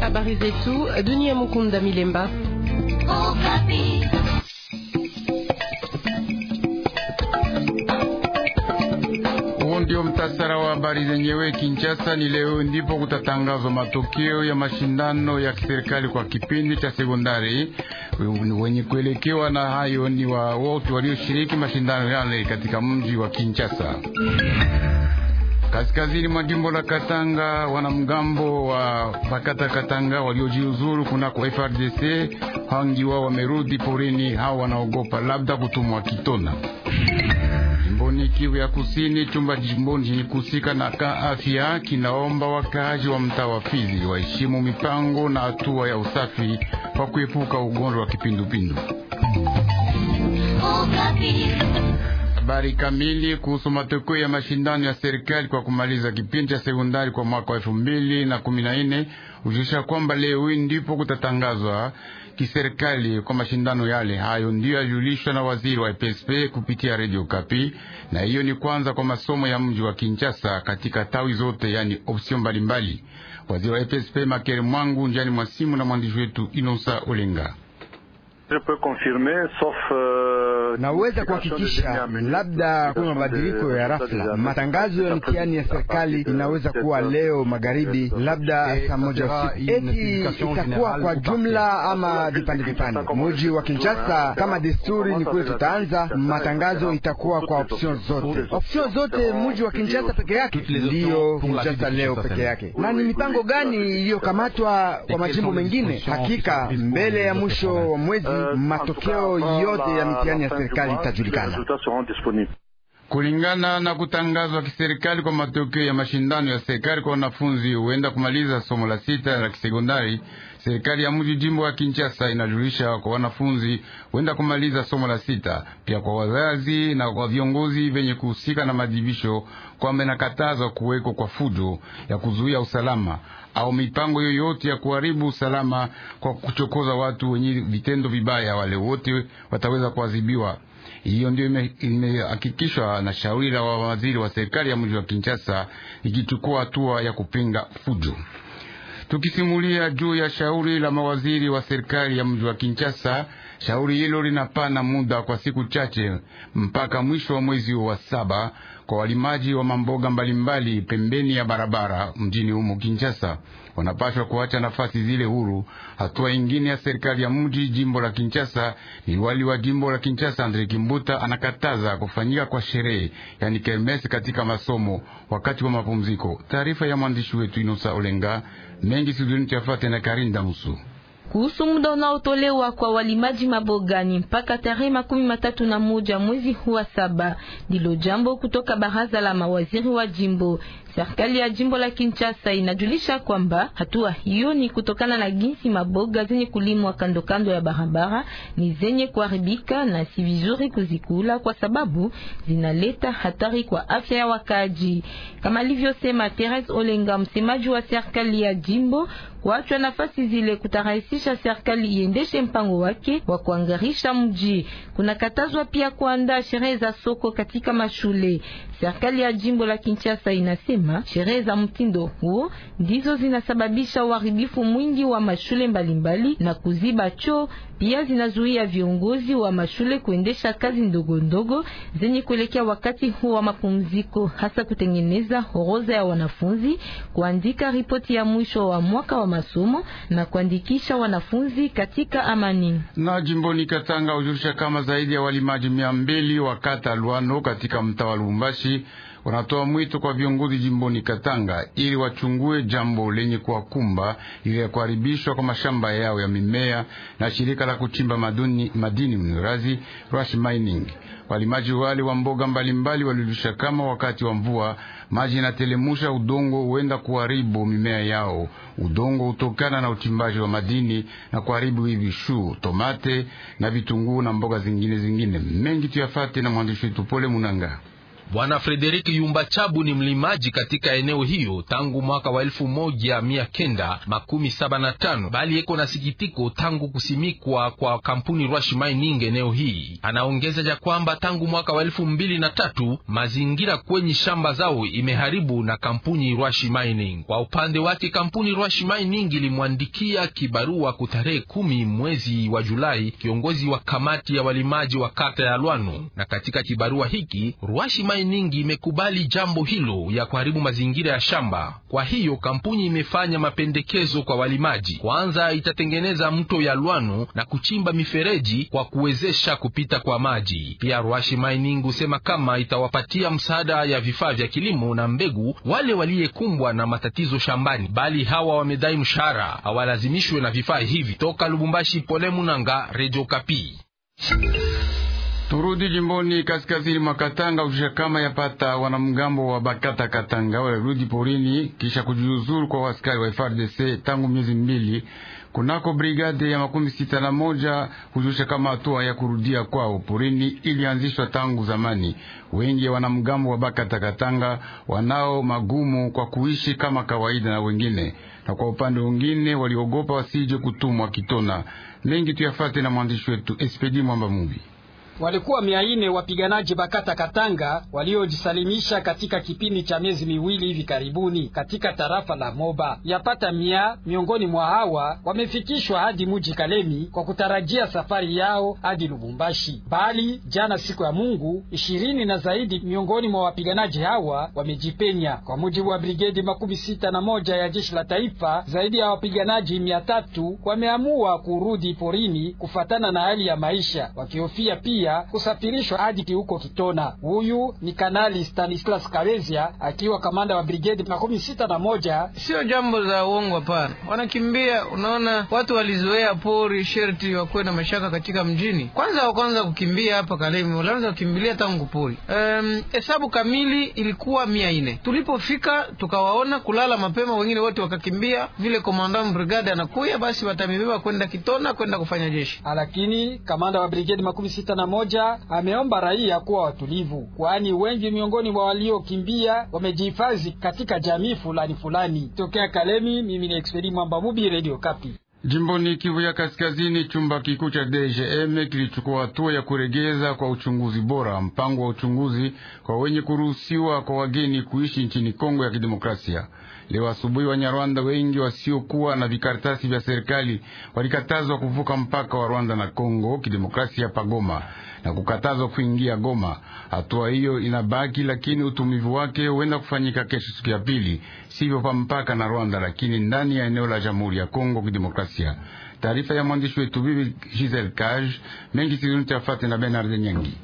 Habari zetu Dunia Mukunda Milemba. Okapi. ndio mtasara wa habari zenyewe. Kinshasa ni leo ndipo kutatangazwa matokeo ya mashindano ya kiserikali kwa kipindi cha sekondari. Wenye kuelekewa na hayo ni wa wote walioshiriki mashindano yale katika mji wa Kinshasa. Kaskazini mwa jimbo la Katanga, wanamgambo wa pakata Katanga waliojiuzuru kunako FRDC hangi wao wamerudi porini, hao wanaogopa labda kutumwa Kitona. Jimboni Kivu ya Kusini, chumba jimboni chenye kuhusika na ka afya kinaomba wakaaji wa mtaa wa Fizi waheshimu mipango na hatua ya usafi kwa kuepuka ugonjwa wa kipindupindu. Oh, Habari kamili kuhusu matokeo ya mashindano ya serikali kwa kumaliza kipindi cha sekondari kwa mwaka wa elfu mbili na kumi na nne hujulisha kwamba leo hii ndipo kutatangazwa kiserikali kwa mashindano yale. Hayo ndiyo yajulishwa na waziri wa psp kupitia radio Kapi, na hiyo ni kwanza kwa masomo ya mji wa Kinshasa katika tawi zote, yani opsio mbalimbali. Waziri wa psp Makere Mwangu njani mwa simu na mwandishi wetu Inosa Olenga. Euh, Naweza kuhakikisha labda euh, kuna mabadiliko ya rafla. Matangazo ya mtihani ya serikali inaweza kuwa leo magharibi, labda saa moja usiku. Eti itakuwa kwa jumla ama vipande vipande? Muji wa Kinshasa kama desturi ni kule tutaanza matangazo, itakuwa kwa opsion zote, opsion zote. Muji wa Kinshasa euh, peke yake ndiyo Kinshasa leo peke yake. Na ni mipango gani iliyokamatwa kwa majimbo mengine? Hakika mbele ya mwisho wa mwezi matokeo yote ya mitihani ya serikali itajulikana kulingana na kutangazwa kiserikali kwa matokeo ya mashindano ya serikali kwa wanafunzi huenda kumaliza somo la sita la kisekondari. Serikali ya mji jimbo wa Kinshasa inajulisha kwa wanafunzi huenda kumaliza somo la sita, pia kwa wazazi na kwa viongozi venye kuhusika na madhibisho kwamba inakatazwa kuweko kwa fujo ya kuzuia usalama au mipango yoyote ya kuharibu usalama kwa kuchokoza watu wenye vitendo vibaya. Wale wote wataweza kuadhibiwa. Hiyo ndio imehakikishwa na shauri la waziri wa serikali ya mji wa Kinshasa, ikichukua hatua ya kupinga fujo. Tukisimulia juu ya shauri la mawaziri wa serikali ya mji wa Kinshasa, shauri hilo linapana muda kwa siku chache mpaka mwisho wa mwezi wa saba kwa walimaji wa mamboga mbalimbali pembeni ya barabara mjini humo Kinshasa wanapashwa kuacha nafasi zile huru. Hatua ingine ya serikali ya mji jimbo la Kinshasa, liwali wa jimbo la Kinshasa Andre Kimbuta anakataza kufanyika kwa sherehe, yani kermesi, katika masomo wakati wa mapumziko. Taarifa ya mwandishi wetu Inosa Olenga mengi studioni chafate na Karinda Musu kuhusu muda unaotolewa kwa walimaji mabogani mpaka tarehe makumi matatu na moja mwezi huwa saba. Ndilo jambo kutoka baraza la mawaziri wa jimbo. Serikali ya jimbo la Kinshasa inajulisha kwamba hatua hiyo ni kutokana na jinsi maboga zenye kulimwa kando kando ya barabara ni zenye kuharibika na si vizuri kuzikula kwa sababu zinaleta hatari kwa afya ya wakaji, kama alivyosema Therese Olenga, msemaji wa serikali ya jimbo. Kuachwa nafasi zile kutarahisisha kisha serikali iendeshe mpango wake wa kuangarisha mji. Kunakatazwa pia kuandaa sherehe za soko katika mashule. Serikali ya jimbo la Kinshasa inasema sherehe za mtindo huo ndizo zinasababisha uharibifu mwingi wa mashule mbalimbali mbali, na kuziba choo pia zinazuia viongozi wa mashule kuendesha kazi ndogo ndogo zenye kuelekea wakati huo wa mapumziko, hasa kutengeneza horoza ya wanafunzi, kuandika ripoti ya mwisho wa mwaka wa masomo na kuandikisha wanafunzi katika amani. Na jimboni Katanga hujulisha kama zaidi ya walimaji mia mbili wa kata Lwano katika mtaa wa Lubumbashi wanatoa mwito kwa viongozi jimboni Katanga ili wachungue jambo lenye kuwakumba ili ya kuharibishwa kwa mashamba yao ya mimea na shirika la kuchimba maduni, madini mnurazi Rush Mining. Walimaji wale wa mboga mbalimbali walijulisha kama wakati wa mvua maji inatelemusha udongo huenda kuharibu mimea yao. Udongo hutokana na uchimbaji wa madini na kuharibu hivi shu tomate na vitunguu na mboga zingine zingine mengi. Tuyafate na mwandishi wetu Pole Munanga. Bwana Frederik Yumba Chabu ni mlimaji katika eneo hiyo tangu mwaka wa elfu moja mia kenda makumi saba na tano bali eko na sikitiko tangu kusimikwa kwa kampuni Rwashi Mining eneo hii. Anaongeza ja kwamba tangu mwaka wa elfu mbili na tatu mazingira kwenye shamba zao imeharibu na kampuni Rwashi Mining. Kwa upande wake kampuni Rwashi Mining ilimwandikia kibarua kutarehe kumi mwezi wa Julai kiongozi wa kamati ya walimaji wa kata ya lwanu na katika kibarua hiki Rwashi maimai ningi imekubali jambo hilo ya kuharibu mazingira ya shamba. Kwa hiyo kampuni imefanya mapendekezo kwa walimaji. Kwanza itatengeneza mto ya Lwano na kuchimba mifereji kwa kuwezesha kupita kwa maji. Pia Rwashi Mining husema kama itawapatia msaada ya vifaa vya kilimo na mbegu wale waliyekumbwa na matatizo shambani, bali hawa wamedai mshahara, hawalazimishwe na vifaa hivi. Toka Lubumbashi, Pole Munanga, Radio Kapi. Turudi jimboni kaskazini mwa Katanga ushika kama yapata wanamgambo wa Bakata Katanga walirudi porini kisha kujiuzuru kwa askari wa frdc tangu miezi mbili kunako brigade ya makumi sita na moja huzusha kama hatua ya kurudia kwao porini ilianzishwa tangu zamani. Wengi wanamgambo wa Bakata Katanga wanao magumu kwa kuishi kama kawaida na wengine, na kwa upande wengine waliogopa wasije kutumwa kitona. Mengi tuyafate na mwandishi wetu Espedi Mwamba Mubi walikuwa mia nne wapiganaji Bakata Katanga waliojisalimisha katika kipindi cha miezi miwili hivi karibuni katika tarafa la Moba. Yapata mia miongoni mwa hawa wamefikishwa hadi muji Kalemi kwa kutarajia safari yao hadi Lubumbashi, bali jana siku ya Mungu ishirini na zaidi miongoni mwa wapiganaji hawa wamejipenya. Kwa mujibu wa brigedi makumi sita na moja ya jeshi la taifa, zaidi ya wapiganaji mia tatu wameamua kurudi porini kufatana na hali ya maisha wakihofia pia abiria kusafirishwa hadi huko Kitona. Huyu ni Kanali Stanislas kabezia akiwa kamanda wa brigedi makumi sita na moja. Sio jambo za uongo, hapana. Wanakimbia, unaona watu walizoea pori, sherti wakuwe na mashaka katika mjini. Kwanza wakwanza kukimbia hapa Kalemi, walianza kukimbilia tangu pori. Um, hesabu kamili ilikuwa mia ine Tulipofika tukawaona kulala mapema, wengine wote wakakimbia. Vile komanda brigade anakuya, basi watamibeba kwenda Kitona kwenda kufanya jeshi, lakini kamanda wa brigade makumi sita na moja ameomba raia kuwa watulivu, kwani wengi miongoni mwa waliokimbia wamejihifadhi katika jamii fulani fulani. Tokea Kalemi, mimi ni Expedi Mwamba Mubi, Radio Kapi. Jimboni Kivu ya Kaskazini, chumba kikuu cha DGM kilichukua hatua ya kuregeza kwa uchunguzi bora mpango wa uchunguzi kwa wenye kuruhusiwa kwa wageni kuishi nchini Kongo ya Kidemokrasia. Leo asubuhi Wanyarwanda wengi wasiokuwa na vikaratasi vya serikali walikatazwa kuvuka mpaka wa Rwanda na Kongo kidemokrasia pagoma na kukatazwa kuingia Goma. Hatua hiyo inabaki, lakini utumivu wake huenda kufanyika kesho, siku ya pili, sivyo pa mpaka na Rwanda, lakini ndani ya eneo la Jamhuri ya Kongo kidemokrasia. Taarifa ya mwandishi wetu bibi Giselle Cage mengi siunitafate na Bernard Nyangi.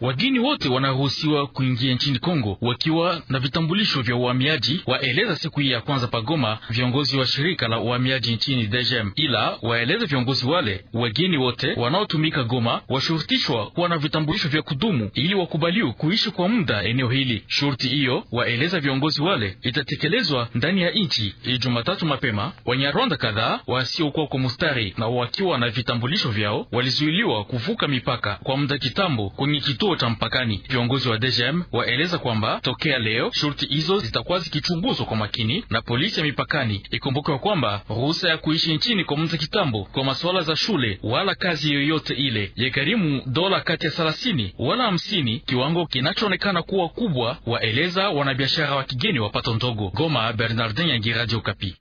Wageni wote wanaruhusiwa kuingia nchini Kongo wakiwa na vitambulisho vya uhamiaji, waeleza siku hii ya kwanza pagoma viongozi wa shirika la uhamiaji nchini DGM. Ila waeleza viongozi wale, wageni wote wanaotumika Goma washurutishwa kuwa na vitambulisho vya kudumu ili wakubaliwe kuishi kwa muda eneo hili. Shurti hiyo, waeleza viongozi wale, itatekelezwa ndani ya nchi. Jumatatu mapema, Wanyarwanda kadhaa wasiokuwa kwa mustari na wakiwa na vitambulisho vyao walizuiliwa kuvuka mipaka kwa muda kitambo kwenye kitu kituo cha mpakani. Viongozi wa DGM waeleza kwamba tokea leo shurti hizo zitakuwa zikichunguzwa kwa makini na polisi ya mipakani. Ikumbukiwa kwamba ruhusa ya kuishi nchini kwa mtu kitambo kwa masuala za shule wala kazi yoyote ile yakarimu dola kati ya thelathini wala hamsini, kiwango kinachoonekana kuwa kubwa, waeleza wanabiashara wa kigeni pato ndogo. Goma, Bernardin Yangi, Radio Kapi.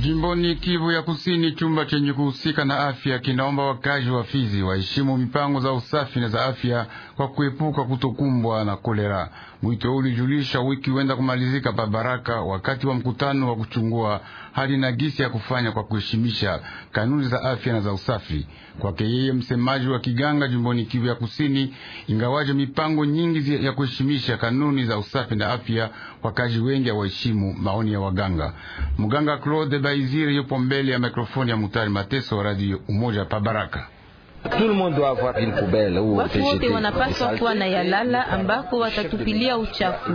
Jimboni Kivu ya Kusini, chumba chenye kuhusika na afya kinaomba wakazi wa Fizi waheshimu mipango za usafi na za afya kwa kuepuka kutokumbwa na kolera. Mwito ulijulisha wiki wenda kumalizika pa Baraka wakati wa mkutano wa kuchungua hali na gisi ya kufanya kwa kuheshimisha kanuni za afya na za usafi. Kwake yeye, msemaji wa kiganga jimboni Kivu ya Kusini, ingawaje mipango nyingi ya kuheshimisha kanuni za usafi na afya, wakazi wengi hawaheshimu maoni ya waganga. Mganga Claude baiziri yupo mbele ya mikrofoni ya Mutari Mateso, Radio Umoja pa Baraka. Watu wote wanapaswa kuwa na yalala ambako watatupilia uchafu.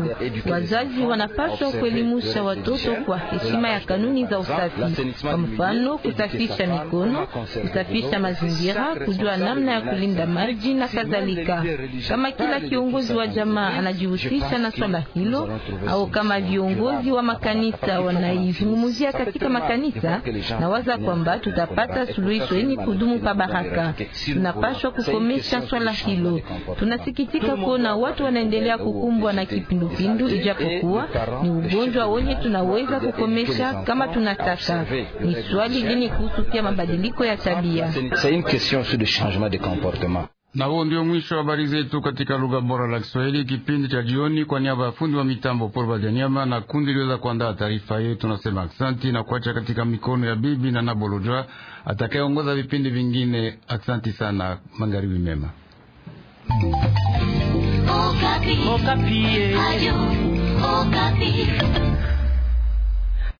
Wazazi wanapaswa kuelimusha watoto kwa heshima ya kanuni za usafi, kwa mfano kusafisha mikono, kusafisha mazingira, kujua namna ya kulinda maji na kadhalika. Kama kila kiongozi wa jamaa anajihusisha na swala hilo, au kama viongozi wa makanisa wanaizungumzia katika makanisa, nawaza kwamba tutapata suluhisho yenye kudumu pa baraka tunapashwa kukomesha swala hilo. Tunasikitika kuona watu wanaendelea kukumbwa na kipindupindu, ijapokuwa ni ugonjwa wenye tunaweza kukomesha kama tunataka. Ni swali lini kuhusu pia mabadiliko ya tabia. Na huo ndio mwisho wa habari zetu katika lugha bora la Kiswahili, kipindi cha jioni. Kwa niaba ya fundi wa mitambo Paul Badianyama na kundi liweza kuandaa taarifa yetu, tunasema aksanti na kuacha katika mikono ya bibi na Nabolojwa atakayeongoza vipindi vingine. Aksanti sana, magharibi mema. Okapi. Okapi.